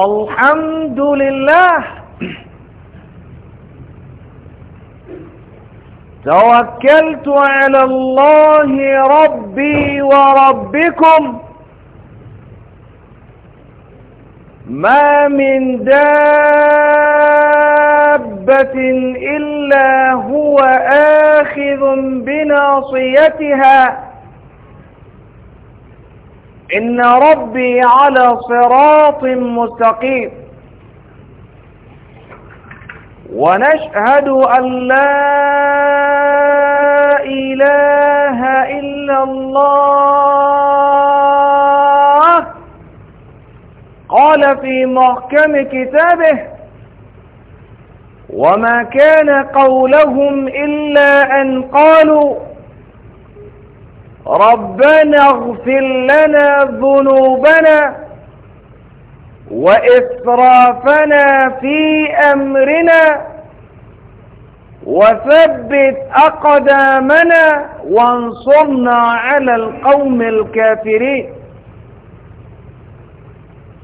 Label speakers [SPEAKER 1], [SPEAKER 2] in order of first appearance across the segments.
[SPEAKER 1] الحمد لله توكلت على الله ربي وربكم ما من دابة إلا هو آخذ بناصيتها إن ربي على صراط مستقيم ونشهد أن لا إله إلا الله قال في محكم كتابه وما كان قولهم إلا أن قالوا ربنا اغفر لنا ذنوبنا وإسرافنا في أمرنا وثبت أقدامنا وانصرنا على القوم الكافرين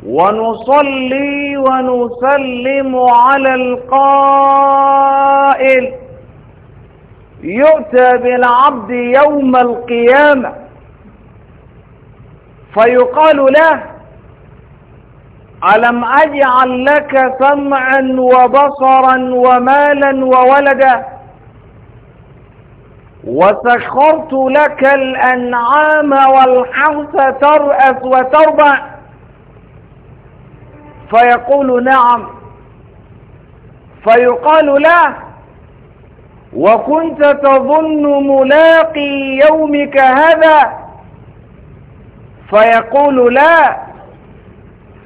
[SPEAKER 1] ونصلي ونسلم على القائل يؤتى بالعبد يوم القيامة فيقال له ألم أجعل لك سمعا وبصرا ومالا وولدا وسخرت لك الأنعام والحرث ترأس وتربع فيقول نعم فيقال له وكنت تظن ملاقي يومك هذا فيقول لا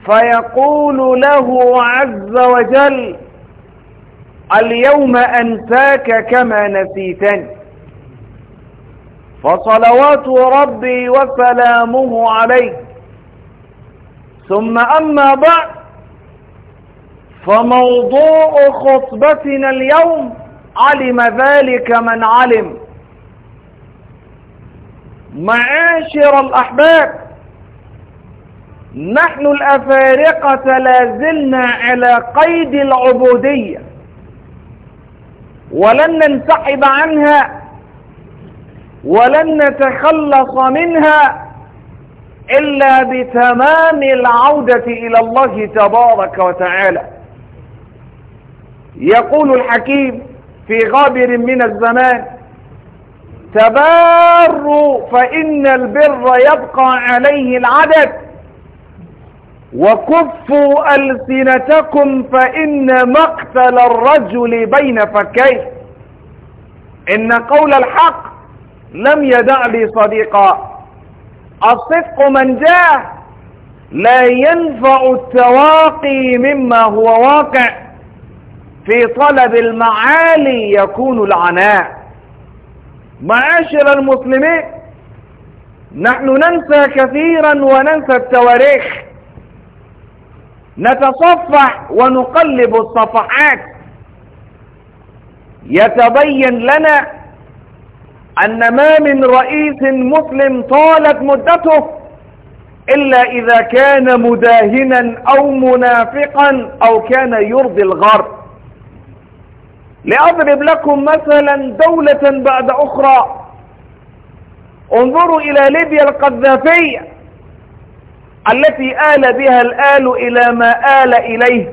[SPEAKER 1] فيقول له عز وجل اليوم أنساك كما نسيتني فصلوات ربي وسلامه عليك ثم أما بعد فموضوع خطبتنا اليوم علم ذلك من علم معاشر الأحباب نحن الأفارقة لازلنا على قيد العبودية ولن ننسحب عنها ولن نتخلص منها إلا بتمام العودة إلى الله تبارك وتعالى يقول الحكيم في غابر من الزمان تباروا فإن البر يبقى عليه العدد وكفوا ألسنتكم فإن مقتل الرجل بين فكيه إن قول الحق لم يدع لي صديقا الصدق من جاء لا ينفع التواقي مما هو واقع في طلب المعالي يكون العناء معاشر المسلمين نحن ننسى كثيرا وننسى التواريخ نتصفح ونقلب الصفحات يتبين لنا أن ما من رئيس مسلم طالت مدته إلا إذا كان مداهنا أو منافقا أو كان يرضي الغرب لأضرب لكم مثلا دولة بعد أخرى انظروا إلى ليبيا القذافية التي آل بها الآل إلى ما آل إليه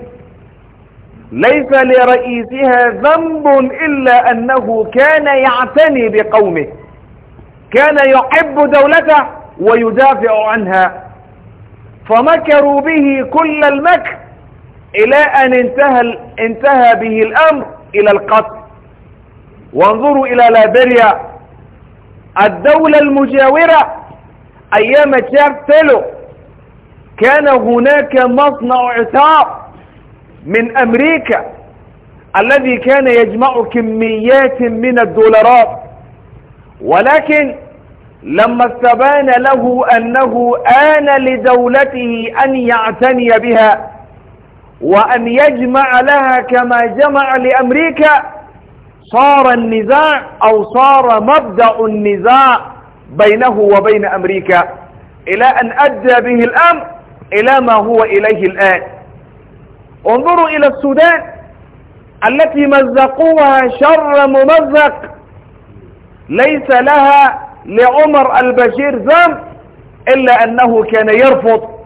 [SPEAKER 1] ليس لرئيسها ذنب إلا أنه كان يعتني بقومه كان يحب دولته ويدافع عنها فمكروا به كل المكر إلى أن انتهى, انتهى به الأمر إلى القتل وانظروا إلى لابيريا الدولة المجاورة أيام تشارتلو كان هناك مصنع عصاب من أمريكا الذي كان يجمع كميات من الدولارات ولكن لما استبان له أنه آن لدولته أن يعتني بها وأن يجمع لها كما جمع لأمريكا صار النزاع أو صار مبدأ النزاع بينه وبين أمريكا إلى أن أدى به الأمر إلى ما هو إليه الآن انظروا إلى السودان التي مزقوها شر ممزق ليس لها لعمر البشير ذنب إلا أنه كان يرفض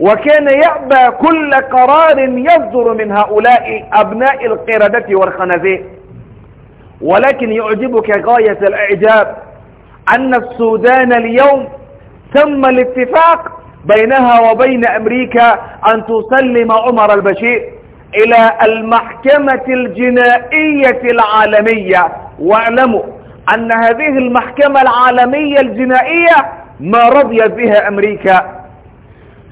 [SPEAKER 1] وكان يأبى كل قرار يصدر من هؤلاء أبناء القردة والخنازير ولكن يعجبك غاية الإعجاب أن السودان اليوم تم الاتفاق بينها وبين أمريكا أن تسلم عمر البشير إلى المحكمة الجنائية العالمية واعلموا أن هذه المحكمة العالمية الجنائية ما رضيت بها أمريكا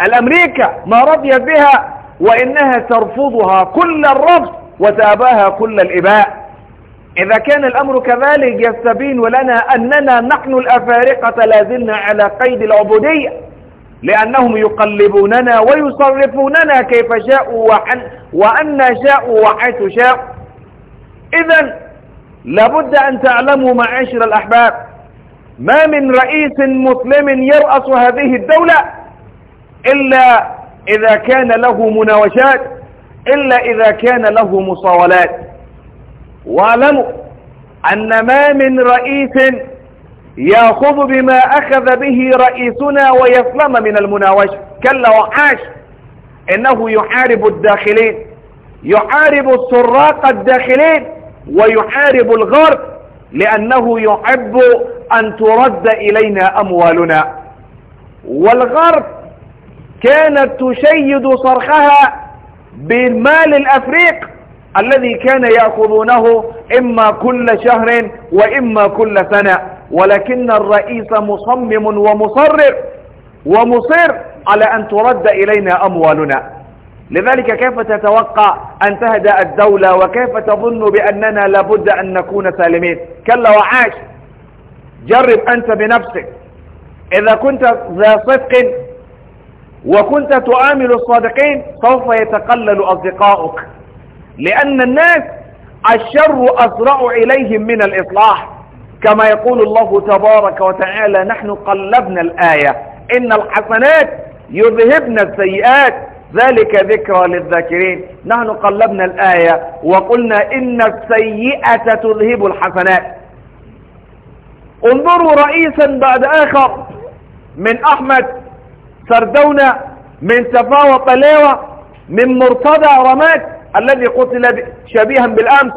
[SPEAKER 1] الأمريكا ما رضيت بها وإنها ترفضها كل الرفض وتأباها كل الإباء إذا كان الأمر كذلك يستبين لنا أننا نحن الأفارقة لازلنا على قيد العبودية لأنهم يقلبوننا ويصرفوننا كيف شاءوا وحن وأن شاءوا وحيث شاءوا إذا لابد أن تعلموا معاشر الأحباب ما من رئيس مسلم يرأس هذه الدولة إلا إذا كان له مناوشات إلا إذا كان له مصاولات واعلموا أن ما من رئيس يأخذ بما أخذ به رئيسنا ويسلم من المناوشة كلا وعاش إنه يحارب الداخلين يحارب السراق الداخلين ويحارب الغرب لأنه يحب أن ترد إلينا أموالنا والغرب كانت تشيد صرخها بالمال الأفريق الذي كان يأخذونه إما كل شهر وإما كل سنة ولكن الرئيس مصمم ومصرر ومصر على أن ترد إلينا أموالنا لذلك كيف تتوقع أن تهدأ الدولة وكيف تظن بأننا لابد أن نكون سالمين كلا وعاش جرب أنت بنفسك إذا كنت ذا صدق وكنت تعامل الصادقين سوف يتقلل أصدقاؤك لأن الناس الشر أسرع إليهم من الإصلاح كما يقول الله تبارك وتعالى نحن قلبنا الآية إن الحسنات يذهبن السيئات ذلك ذكرى للذاكرين نحن قلبنا الآية وقلنا إن السيئة تذهب الحسنات انظروا رئيسا بعد آخر من أحمد سردونا من تفاوط ليوة من مرتضى رماد الذي قتل شبيها بالأمس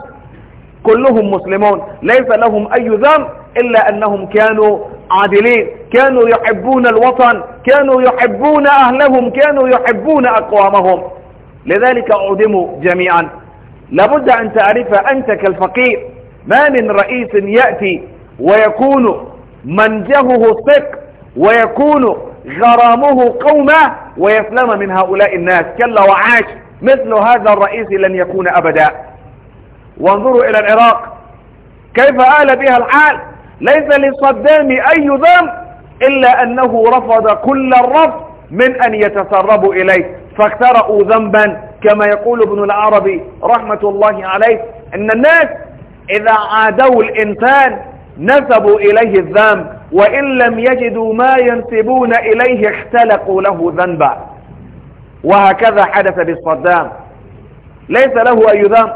[SPEAKER 1] كلهم مسلمون ليس لهم أي ذنب إلا أنهم كانوا عادلين كانوا يحبون الوطن كانوا يحبون أهلهم كانوا يحبون أقوامهم لذلك أعدموا جميعا لابد أن تعرف أنت كالفقير ما من رئيس يأتي ويكون منجهه الثق ويكون غرامه قوما ويسلم من هؤلاء الناس كلا وعاش مثل هذا الرئيس لن يكون أبدا وانظروا إلى العراق كيف آل بها الحال ليس لصدام أي ذنب إلا أنه رفض كل الرفض من أن يتسربوا إليه فاخترأوا ذنبا كما يقول ابن العربي رحمة الله عليه أن الناس إذا عادوا الإنسان نسبوا إليه الذنب وإن لم يجدوا ما ينسبون إليه اختلقوا له ذنبا وهكذا حدث بالصدام ليس له أي ذنب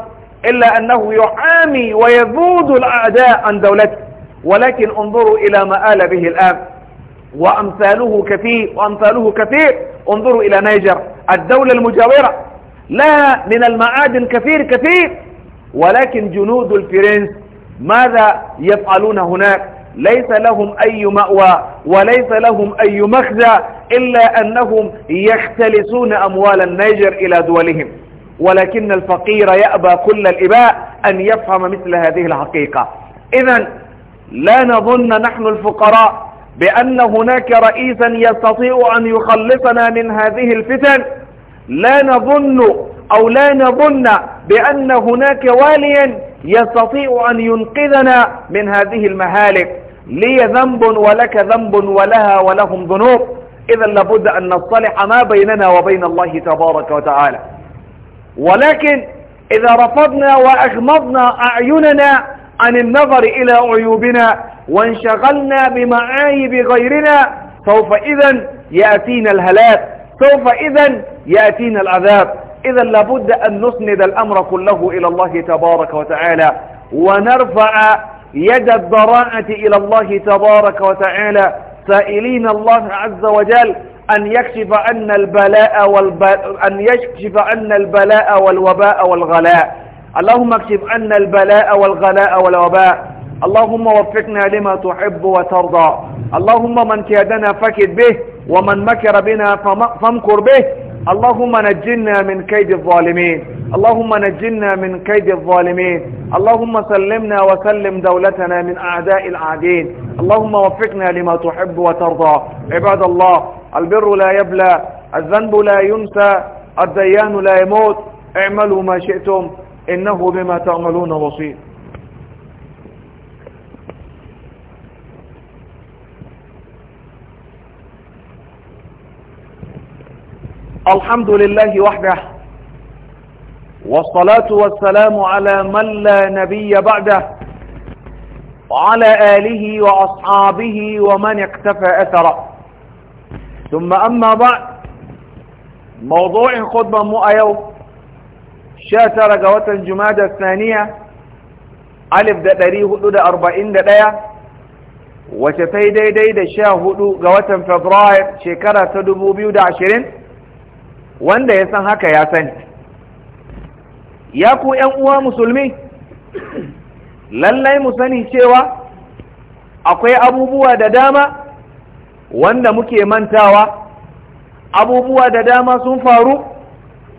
[SPEAKER 1] إلا أنه يحامي ويذود الأعداء عن دولته ولكن انظروا إلى ما آل به الآن وأمثاله كثير وأمثاله كثير انظروا إلى نيجر الدولة المجاورة لها من المعادن كثير كثير ولكن جنود الفرنس ماذا يفعلون هناك ليس لهم أي مأوى وليس لهم أي مخزى إلا أنهم يختلسون أموال النيجر إلى دولهم ولكن الفقير يأبى كل الإباء أن يفهم مثل هذه الحقيقة إذا لا نظن نحن الفقراء بأن هناك رئيسا يستطيع أن يخلصنا من هذه الفتن لا نظن أو لا نظن بأن هناك واليا يستطيع أن ينقذنا من هذه المهالك لي ذنب ولك ذنب ولها ولهم ذنوب إذا لابد أن نصلح ما بيننا وبين الله تبارك وتعالى ولكن إذا رفضنا وأغمضنا أعيننا عن النظر إلى عيوبنا وانشغلنا بمعايب غيرنا سوف إذا يأتينا الهلاك سوف إذا يأتينا العذاب إذا لابد أن نسند الأمر كله إلى الله تبارك وتعالى ونرفع يد الضراءة إلى الله تبارك وتعالى سائلين الله عز وجل أن يكشف أن البلاء والب... أن يكشف أن البلاء والوباء والغلاء اللهم اكشف أن البلاء والغلاء والوباء اللهم وفقنا لما تحب وترضى اللهم من كادنا فكد به ومن مكر بنا فم... فامكر به اللهم نجنا من كيد الظالمين اللهم نجنا من كيد الظالمين اللهم سلمنا وسلم دولتنا من أعداء العادين اللهم وفقنا لما تحب وترضى عباد الله البر لا يبلى الذنب لا ينسى الديان لا يموت اعملوا ما شئتم إنه بما تعملون بصير الحمد لله وحده والصلاة والسلام على من لا نبي بعده وعلى آله وأصحابه ومن اقتفى أثره ثم أما بعد موضوع خطبة مؤيو شاتر جوة الجمادة الثانية ألف دا تاريه دا أربعين دا دايا وشتي دي داي دا شاهدو جوة فبراير شكرة تدبو بيو دا عشرين wanda ya san haka ya sani ya ku ‘yan uwa musulmi lallai mu sani cewa akwai abubuwa da dama wanda muke mantawa abubuwa da dama sun faru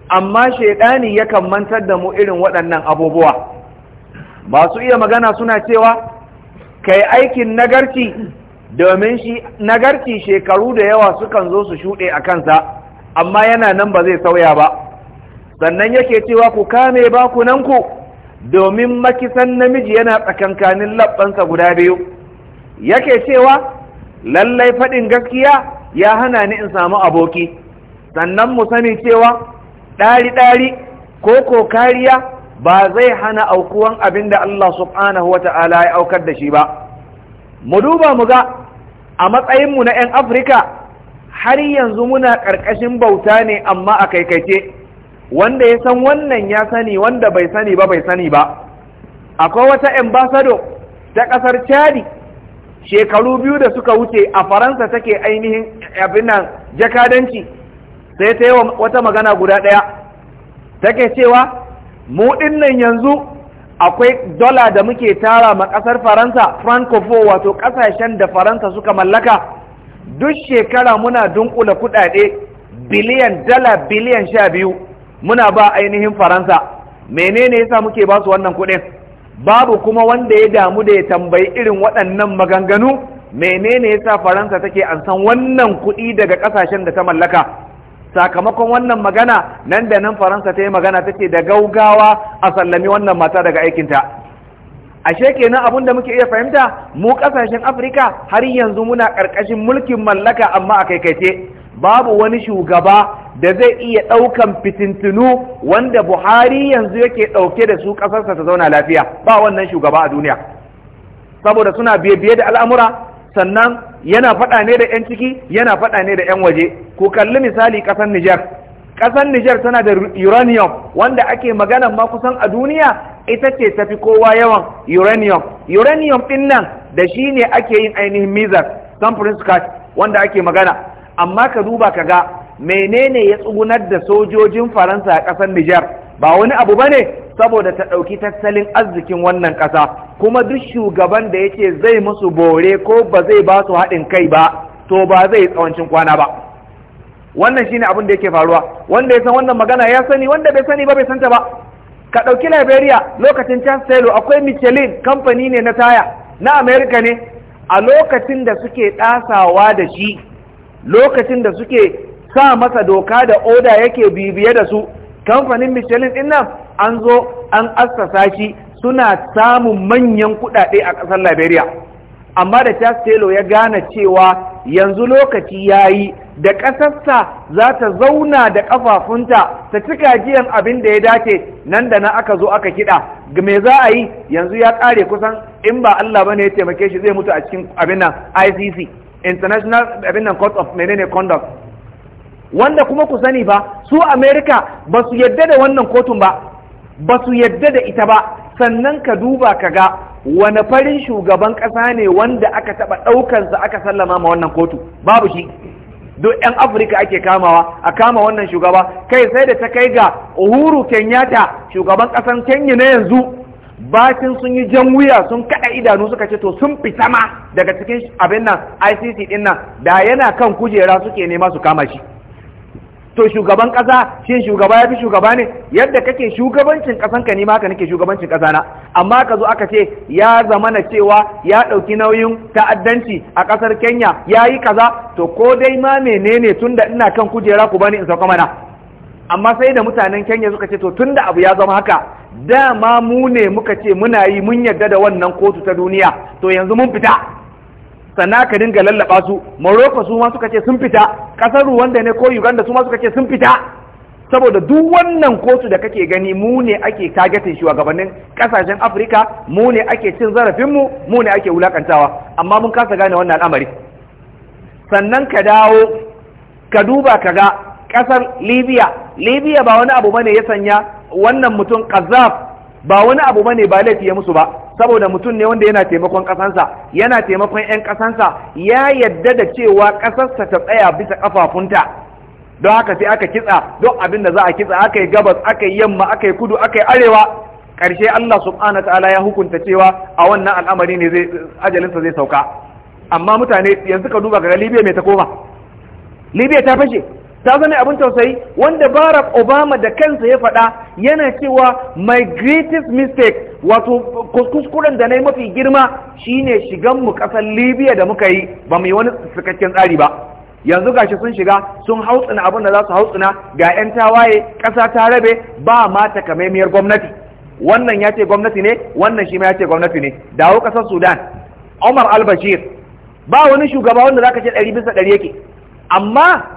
[SPEAKER 1] amma shaidani yakan mantar da mu irin waɗannan abubuwa masu iya magana suna cewa kai aikin nagarci domin shi nagarci shekaru da yawa sukan zo su shuɗe a kansa amma yana nan ba zai sauya ba sannan yake cewa ku kame ba ku nanku. domin makisan namiji yana tsakankanin labbansa guda biyu yake cewa lallai faɗin gaskiya ya hana ni in samu aboki sannan mu sani cewa ɗari-ɗari ko ko kariya ba zai hana aukuwan abin da Allah subhanahu wa ta'ala ya aukar da shi ba mu duba mu ga a matsayinmu na 'yan afirka har yanzu muna ƙarƙashin bauta ne amma a kaikaice wanda ya san wannan ya sani wanda bai sani ba bai sani ba akwai wata ambasado ta ƙasar chadi shekaru biyu da suka wuce a faransa take ainihin abinan jakadanci sai ta yi wata magana guda ɗaya take cewa mu ɗinnan yanzu akwai dola da muke tara ma ƙasar faransa francofo wato ƙasashen da faransa suka mallaka duk shekara muna dunkula kudade biliyan dala biliyan sha biyu muna ba ainihin faransa menene yasa muke ba su wannan kudin babu kuma wanda ya damu da ya tambayi irin waɗannan maganganu menene yasa faransa take an san wannan kuɗi daga ƙasashen da ta mallaka sakamakon wannan magana nan da nan faransa ta yi magana take da gaugawa a sallami wannan mata daga aikinta ashe kenan abun da muke iya fahimta mu kasashen afirka har yanzu muna karkashin mulkin mallaka amma a babu wani shugaba da zai iya daukan fitintunu wanda buhari yanzu yake dauke da su kasarsa ta zauna lafiya ba wannan shugaba a duniya saboda suna biye-biye da al'amura sannan yana fada ne da 'yan ciki yana faɗa ne da 'yan waje ku kalli misali ƙasar niger ƙasar Nijar tana da uranium wanda ake maganan ma kusan a duniya ita ce tafi kowa yawan uranium uranium ɗin nan da shi ne ake yin ainihin mizar samfurin scotch wanda ake magana amma ka duba ka ga menene ya tsugunar da sojojin faransa a ƙasar Nijar ba wani abu ba ne saboda ta ɗauki tattalin arzikin wannan ƙasa kuma duk shugaban da yake zai musu bore ko ba zai ba su haɗin kai ba to ba zai tsawancin kwana ba wannan shine abin da yake faruwa wanda ya san wannan magana ya sani wanda bai sani ba bai santa ba ka ɗauki liberia lokacin chancellor akwai michelin kamfani ne na taya na america ne a lokacin da suke ɗasawa da shi lokacin da suke sa masa doka da oda yake bibiye da su kamfanin michelin din nan an zo an assasa shi suna samun manyan kuɗaɗe a ƙasar liberia amma da Taylor ya gane cewa yanzu lokaci ya yi da ƙasarsa za ta zauna da ƙafafunta ta cika jiyan abin da ya dace nan da na aka zo aka kiɗa me za a yi yanzu ya ƙare kusan in ba Allah ba ne ya taimake shi zai mutu a cikin abin nan ICC International abin nan Court of menene Conduct wanda kuma ku sani ba su amerika ba su yadda da wannan kotun ba ba su yadda da ita ba sannan ka duba ka ga wani farin shugaban ƙasa ne wanda aka taɓa ɗaukansa aka sallama ma wannan kotu babu shi duk 'yan afirka ake kamawa a kama wannan shugaba kai sai da ta kai ga uhuru kenyatta shugaban ƙasan kenya na yanzu batin sun yi jan wuya sun kaɗa idanu suka ce to sun fita sama daga cikin abin nan ICC ɗin nan da yana kan kujera suke nema su kama shi to shugaban kasa shin shugaba ya fi shugaba ne yadda kake shugabancin kasan ka nima haka nake shugabancin ƙasa na amma ka zo aka ce ya zamana cewa ya ɗauki nauyin ta'addanci a ƙasar Kenya ya yi kaza to ko dai ma menene tunda ina kan kujera ku bani in sauka mana amma sai da mutanen Kenya suka ce to tunda abu ya zama haka dama mu ne muka ce muna yi mun yarda da wannan kotu ta duniya to yanzu mun fita sannan ka dinga lallaba su Morocco su ma suka ce sun fita kasar Rwanda ne ko Uganda su ma suka ce sun fita saboda duk wannan kotu da kake gani mu ne ake targetin shugabannin kasashen Afirka mu ne ake cin zarafin mu mu ne ake wulakantawa amma mun kasa gane wannan al'amari sannan ka dawo ka duba ka ga kasar Libya Libya ba wani abu bane ya sanya wannan mutum Qazzaf ba wani abu ba ne ba laifi ya musu ba saboda mutum ne wanda yana taimakon kasansa yana taimakon yan kasansa ya yadda da cewa kasarsa ta tsaya bisa kafafunta don haka sai aka kitsa don abin da za a kitsa aka yi gabas aka yi yamma aka yi kudu aka yi arewa ƙarshe Allah subhanahu ta'ala ya hukunta cewa a wannan al'amari ne zai ajalinsa zai sauka amma mutane yanzu ka duba ga Libya mai ta koma Libya ta fashe ta zama abin tausayi wanda barack obama da kansa ya faɗa yana cewa my greatest mistake wato kuskuren da na yi mafi girma shine shigan mu ƙasar libya da muka yi ba mu wani cikakken tsari ba yanzu gashi sun shiga sun hautsina abin da za su hautsina ga 'yan tawaye ƙasa ta rabe ba ma takamaimiyar gwamnati wannan ya ce gwamnati ne wannan shi ma ya ce gwamnati ne dawo ƙasar sudan omar al-bashir ba wani shugaba wanda za ka ce ɗari bisa ɗari yake amma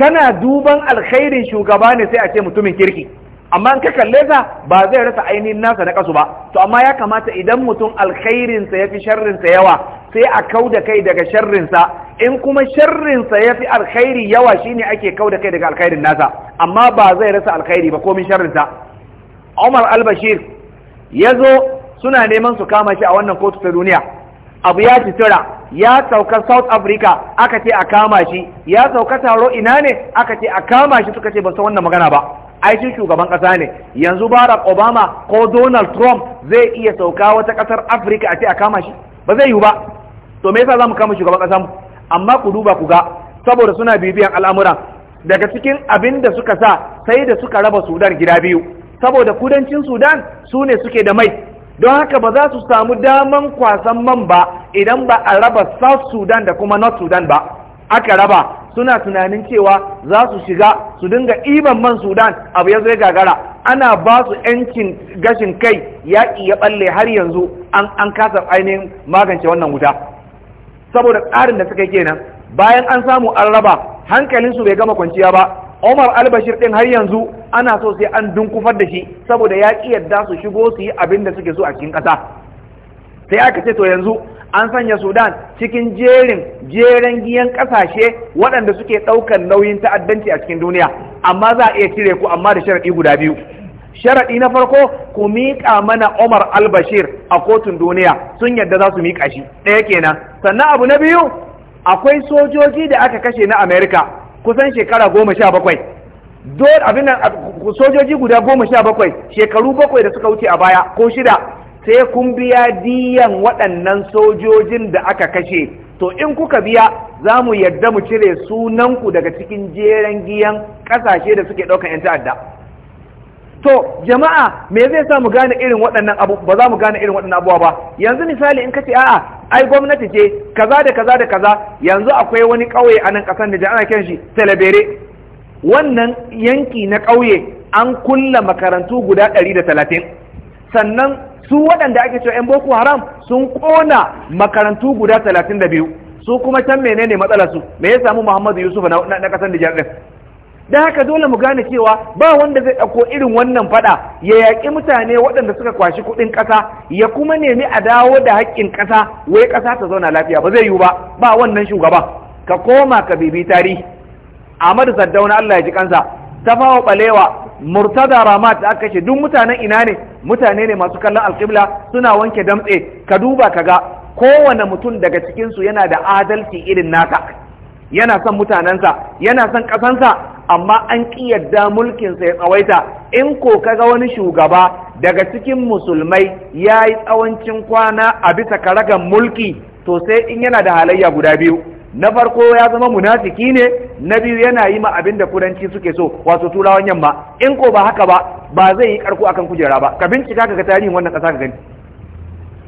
[SPEAKER 1] kana duban alkhairin shugaba ne sai a ce mutumin kirki amma in ka kalle sa ba zai rasa ainihin nasa na kasu ba to amma ya kamata idan mutum alkhairin sa yafi sharrin sa yawa sai a kauda kai daga sharrin sa in kuma sharrin sa yafi alkhairi yawa shine ake kauda kai daga alkhairin nasa amma ba zai rasa alkhairi ba komin sharrin sa Umar al-Bashir yazo suna neman su kama shi a wannan kotu ta duniya abu ya citira ya sauka south africa aka ce a kama shi ya sauka taro ina ne aka ce a kama shi suka ce ba san wannan magana ba shi shugaban kasa ne yanzu barack obama ko donald trump zai iya sauka wata kasar africa a ce a kama shi ba zai yiwu ba to me yasa zamu kama shugaban kasa amma ku duba ku ga saboda suna bibiyan al'amuran daga cikin abin da suka sa sai da suka raba sudan gida biyu saboda kudancin sudan su ne suke da mai don haka ba za su samu daman kwasan man ba idan ba a raba south sudan da kuma north sudan ba aka raba suna tunanin cewa za su shiga su dinga iban man sudan abu ya zai gagara ana ba su yancin gashin kai yaƙi ya ɓalle har yanzu an kasar ainihin magance wannan wuta saboda tsarin da suka yi kenan bayan an samu an raba hankalinsu bai gama kwanciya ba Umar al-Bashir din har yanzu ana so sai an dunkufar da shi saboda ya ki yadda su shigo su yi abin da suke so a cikin ƙasa sai aka ce to yanzu an sanya Sudan cikin jerin jeren giyan ƙasashe waɗanda suke ɗaukar nauyin ta'addanci a cikin duniya amma za a iya cire ku amma da sharaɗi guda biyu sharaɗi na farko ku miƙa mana Umar al-Bashir a kotun duniya sun yadda za su miƙa shi ɗaya kenan sannan abu na biyu akwai sojoji da aka kashe na Amerika kusan shekara goma sha bakwai abin nan sojoji guda goma sha bakwai shekaru bakwai da suka wuce a baya ko shida sai kun biya diyan waɗannan sojojin da aka kashe to in kuka biya za mu yarda mu cire sunanku daga cikin jeren giyan ƙasashe da suke ɗaukan 'yan ta'adda to jama'a me zai sa mu gane irin waɗannan abu ba za mu gane irin waɗannan abubuwa ba yanzu misali in ka ce a'a ai gwamnati ce kaza da kaza da kaza yanzu akwai wani ƙauye a nan ƙasar da ana kiran shi Talabere wannan yanki na ƙauye an kulla makarantu guda ɗari da talatin sannan su waɗanda ake cewa 'yan boko haram sun ƙona makarantu guda talatin da su kuma can menene matsalarsu me ya samu muhammadu yusuf na ƙasar da ɗin da haka dole mu gane cewa ba wanda zai ɗauko irin wannan faɗa ya yaƙi mutane waɗanda suka kwashi kuɗin ƙasa ya kuma nemi a dawo da haƙƙin ƙasa wai ƙasa ta zauna lafiya ba zai yiwu ba ba wannan shugaban. ka koma ka bibi tarihi Ahmadu Saddauna Allah ya ji kansa Tafawa Balewa Murtada Ramat aka ce duk mutanen ina ne mutane ne masu kallon alƙibla suna wanke damtse ka duba ka ga kowane mutum daga cikinsu yana da adalci irin naka yana son mutanensa yana son ƙasansa amma an ƙi yadda mulkinsa ya tsawaita in ko kaga wani shugaba daga cikin musulmai ya yi tsawancin kwana a bisa karagan mulki to sai in yana da halayya guda biyu na farko ya zama munafiki ne na biyu yana yi ma abin da kudanci suke so wato turawan yamma in ko ba haka ba ba zai yi karko akan kujera ba ka bincika ka ga tarihin wannan ƙasa ka gani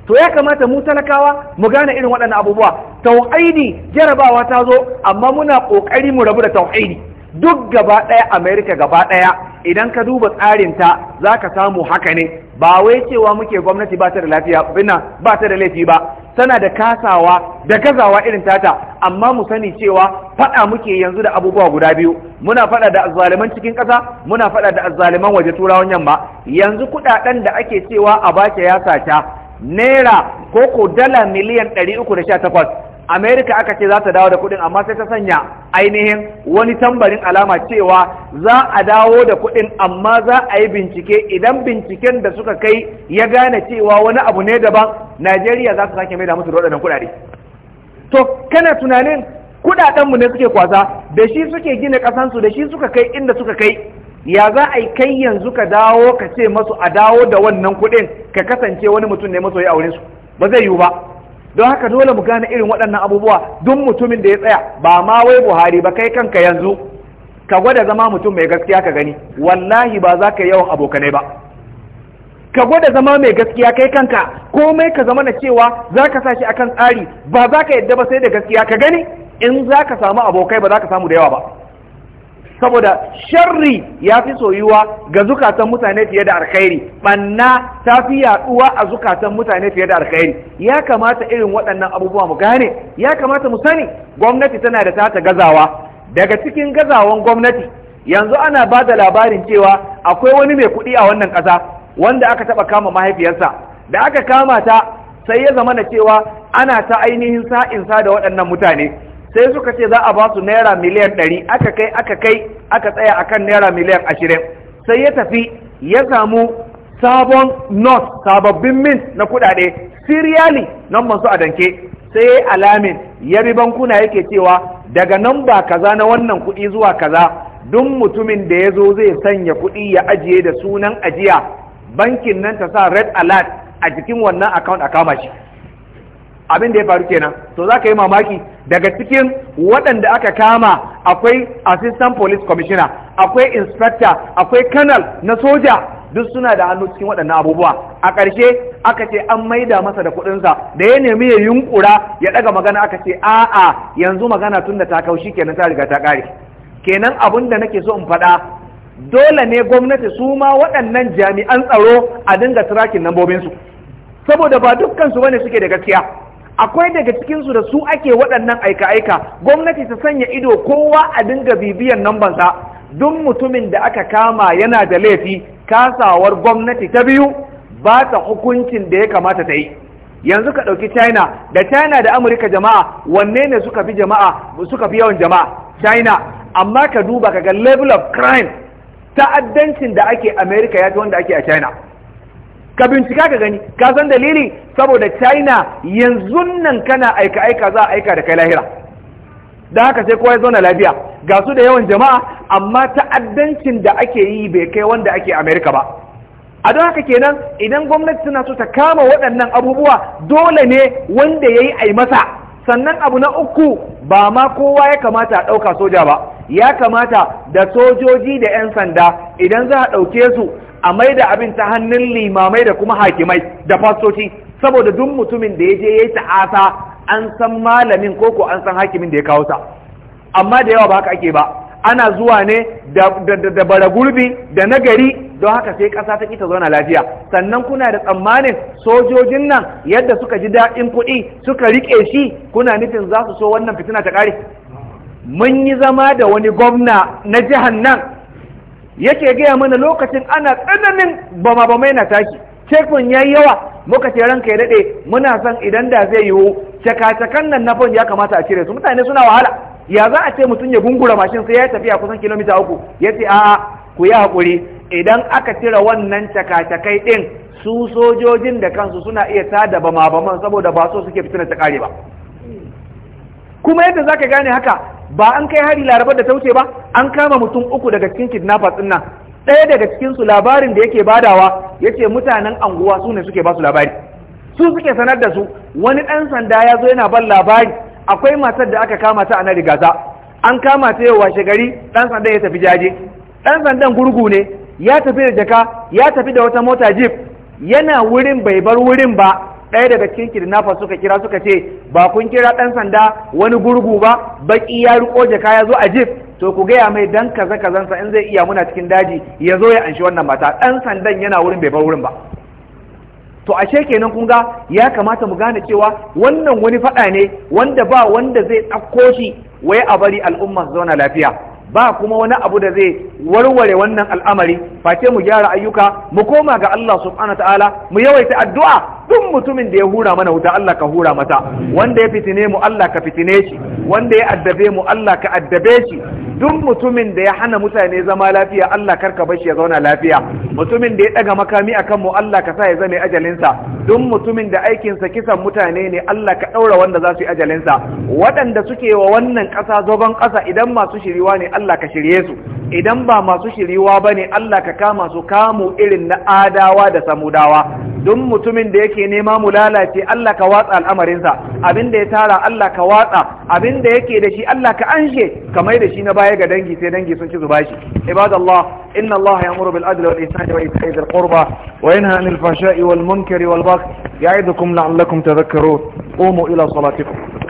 [SPEAKER 1] to ya kamata mu talakawa mu gane irin waɗannan abubuwa tauhidi jarabawa ta zo amma muna ƙoƙari mu rabu da tauhidi duk gaba ɗaya america gaba ɗaya idan ka duba tsarinta za ka samu haka ne ba wai cewa muke gwamnati ba ta da lafiya bina ba ta da laifi ba tana da kasawa da gazawa irin tata amma mu sani cewa faɗa muke yanzu da abubuwa guda biyu muna faɗa da azzaliman cikin ƙasa muna faɗa da azzaliman waje turawan yamma yanzu kuɗaɗen da ake cewa a bace ya sata naira ko dala miliyan ɗari uku da sha takwas Amerika aka ce za ta dawo da kuɗin amma sai ta sanya ainihin wani tambarin alama cewa za a dawo da kuɗin amma za a yi bincike idan binciken da suka kai ya gane cewa wani abu ne daban najeriya za su sake mai da musu waɗannan kuɗaɗe to kana tunanin kuɗaɗenmu ne suke kwasa da shi suke gina ƙasansu da shi suka kai inda suka kai ya za a yi kai yanzu ka dawo ka ce masu a dawo da wannan kuɗin ka kasance wani mutum ne masoyi a wurinsu ba zai yiwu ba don haka dole mu gane irin waɗannan abubuwa duk mutumin da ya tsaya ba ma wai buhari ba kai kanka yanzu ka gwada zama mutum mai gaskiya ka gani wallahi ba za ka yawan abokanai ba ka gwada zama mai gaskiya kai kanka komai ka zama na cewa za ka sa shi akan tsari ba za ka yadda ba sai da gaskiya ka gani in za ka samu abokai ba za ka samu da yawa ba saboda sharri ya fi soyuwa ga zukatan mutane fiye da alkhairi banna ta fi yaduwa a zukatan mutane fiye da alkhairi ya kamata irin waɗannan abubuwa mu gane ya kamata mu sani gwamnati tana da tata gazawa daga cikin gazawan gwamnati yanzu ana ba da labarin cewa akwai wani mai kuɗi a wannan ƙasa wanda aka taɓa kama mahaifiyarsa da aka kama ta sai ya zama cewa ana ta ainihin sa'insa da waɗannan mutane sai suka ce za a ba su naira miliyan ɗari aka kai aka kai aka tsaya akan naira miliyan ashirin sai ya tafi ya samu sabon not sababbin mint na kuɗaɗe siriyali nan masu a danke sai ya yi alamin ya bi bankuna yake cewa daga nan ba kaza na wannan kuɗi zuwa kaza duk mutumin da ya zo zai sanya kuɗi ya ajiye da sunan ajiya bankin nan ta sa red alert a jikin wannan account a kama shi abin da ya faru kenan to za ka yi mamaki daga cikin waɗanda aka kama akwai assistant police commissioner akwai inspector akwai kanal na soja duk suna da hannu cikin waɗannan abubuwa a ƙarshe aka ce an maida masa da kuɗinsa da ya nemi ya yunkura ya ɗaga magana aka ce a'a yanzu magana tun da ta kaushi kenan ta riga ta ƙare kenan abun da nake so in faɗa dole ne gwamnati su ma waɗannan jami'an tsaro a dinga tracking lambobinsu saboda ba dukkan su bane suke da gaskiya akwai daga cikinsu da su ake waɗannan aika-aika gwamnati ta sanya ido kowa a dinga bibiyan nambansa duk mutumin da aka kama yana da laifi kasawar gwamnati ta biyu ba ta hukuncin da ya kamata ta yi yanzu ka ɗauki china da china da amurka jama'a wanne ne suka fi jama'a suka fi yawan jama'a china amma ka duba ka ga level of crime ta'addancin da ake amerika ya fi wanda ake a china ka bincika ka gani ka san dalili saboda china yanzu nan kana aika aika za a aika da kai lahira da haka sai kowa ya zauna lafiya ga su da yawan jama'a amma ta'addancin da ake yi bai kai wanda ake america ba a don haka kenan idan gwamnati suna so ta kama waɗannan abubuwa dole ne wanda ya yi ai masa sannan abu na uku ba ma kowa ya kamata a ɗauka soja ba ya kamata da sojoji da 'yan sanda idan za a ɗauke su a mai da abin ta hannun limamai da kuma hakimai da fastoci saboda duk mutumin da ya je ya yi ta'asa an san malamin koko an san hakimin da ya kawo ta amma da yawa ba haka ake ba ana zuwa ne da bara gurbi da nagari don haka sai ƙasa ta kita zauna lafiya sannan kuna da tsammanin sojojin nan yadda suka ji daɗin kuɗi suka riƙe shi kuna nufin za su so wannan fitina ta ƙare mun yi zama da wani gwamna na jihar nan yake gaya mana lokacin ana tsananin bama bama na tashi cefin ya yi yawa muka ce ranka ya daɗe muna son idan da zai yiwu cakacakan nan na fon ya kamata a cire su mutane suna wahala ya za a ce mutum ya gungura mashin sai ya tafi a kusan kilomita uku ya ce a'a ku yi haƙuri idan aka cire wannan cakacakai ɗin su sojojin da kansu suna iya tada bama-baman saboda ba so suke fitina ta kare ba kuma yadda zaka gane haka ba an kai hari larabar da ta wuce ba an kama mutum uku daga cikin kidnappers din nan ɗaya daga cikin su labarin da yake badawa yace mutanen anguwa su ne suke ba su labari su suke sanar da su wani ɗan sanda ya zo yana ban labari akwai matar da aka kama ta a na rigasa an kama ta yau washe gari ɗan sandan ya tafi jaje ɗan sandan gurgu ne ya tafi da jaka ya tafi da wata mota jeep yana wurin bai bar wurin ba ɗaya daga cikin kidnappers suka kira suka ce ba kun kira ɗan sanda wani gurgu ba baki ya riko jaka ya zo a jif to ku gaya mai dan kaza sa in zai iya muna cikin daji ya zo ya anshi wannan mata ɗan sandan yana wurin bai bar wurin ba to ashe kenan kun ga ya kamata mu gane cewa wannan wani faɗa ne wanda ba wanda zai ɗauko shi wai a bari al'umma zauna lafiya ba kuma wani abu da zai warware wannan al'amari face mu gyara ayyuka mu koma ga Allah subhanahu ta'ala mu yawaita addu'a duk mutumin da ya hura mana wuta Allah ka hura mata wanda ya fitine mu Allah ka fitine shi wanda ya addabe mu Allah ka addabe shi duk mutumin da ya hana mutane zama lafiya Allah karka bashi ya zauna lafiya mutumin da ya daga makami akan mu Allah ka sa ya zame ajalinsa duk mutumin da aikinsa kisan mutane ne Allah ka daura wanda za su yi ajalinsa waɗanda suke wa wannan ƙasa zogon ƙasa idan masu shiriwa ne Allah ka shirye su idan ba masu shiriwa ba ne Allah ka kama su kamu irin na adawa da samudawa don mutumin da yake nema mu lalace Allah ka watsa al'amarinsa abin da ya tara Allah ka watsa abin da yake da shi Allah ka anshe ka mai da shi na baya ga dangi sai dangi sun ci zuba shi ibadallah inna Allah ya'muru bil adli wal ihsan wa ita'i dhil qurba wa yanha 'anil fahsha'i wal munkari wal baghi ya'idukum la'allakum tadhakkarun qumu ila salatikum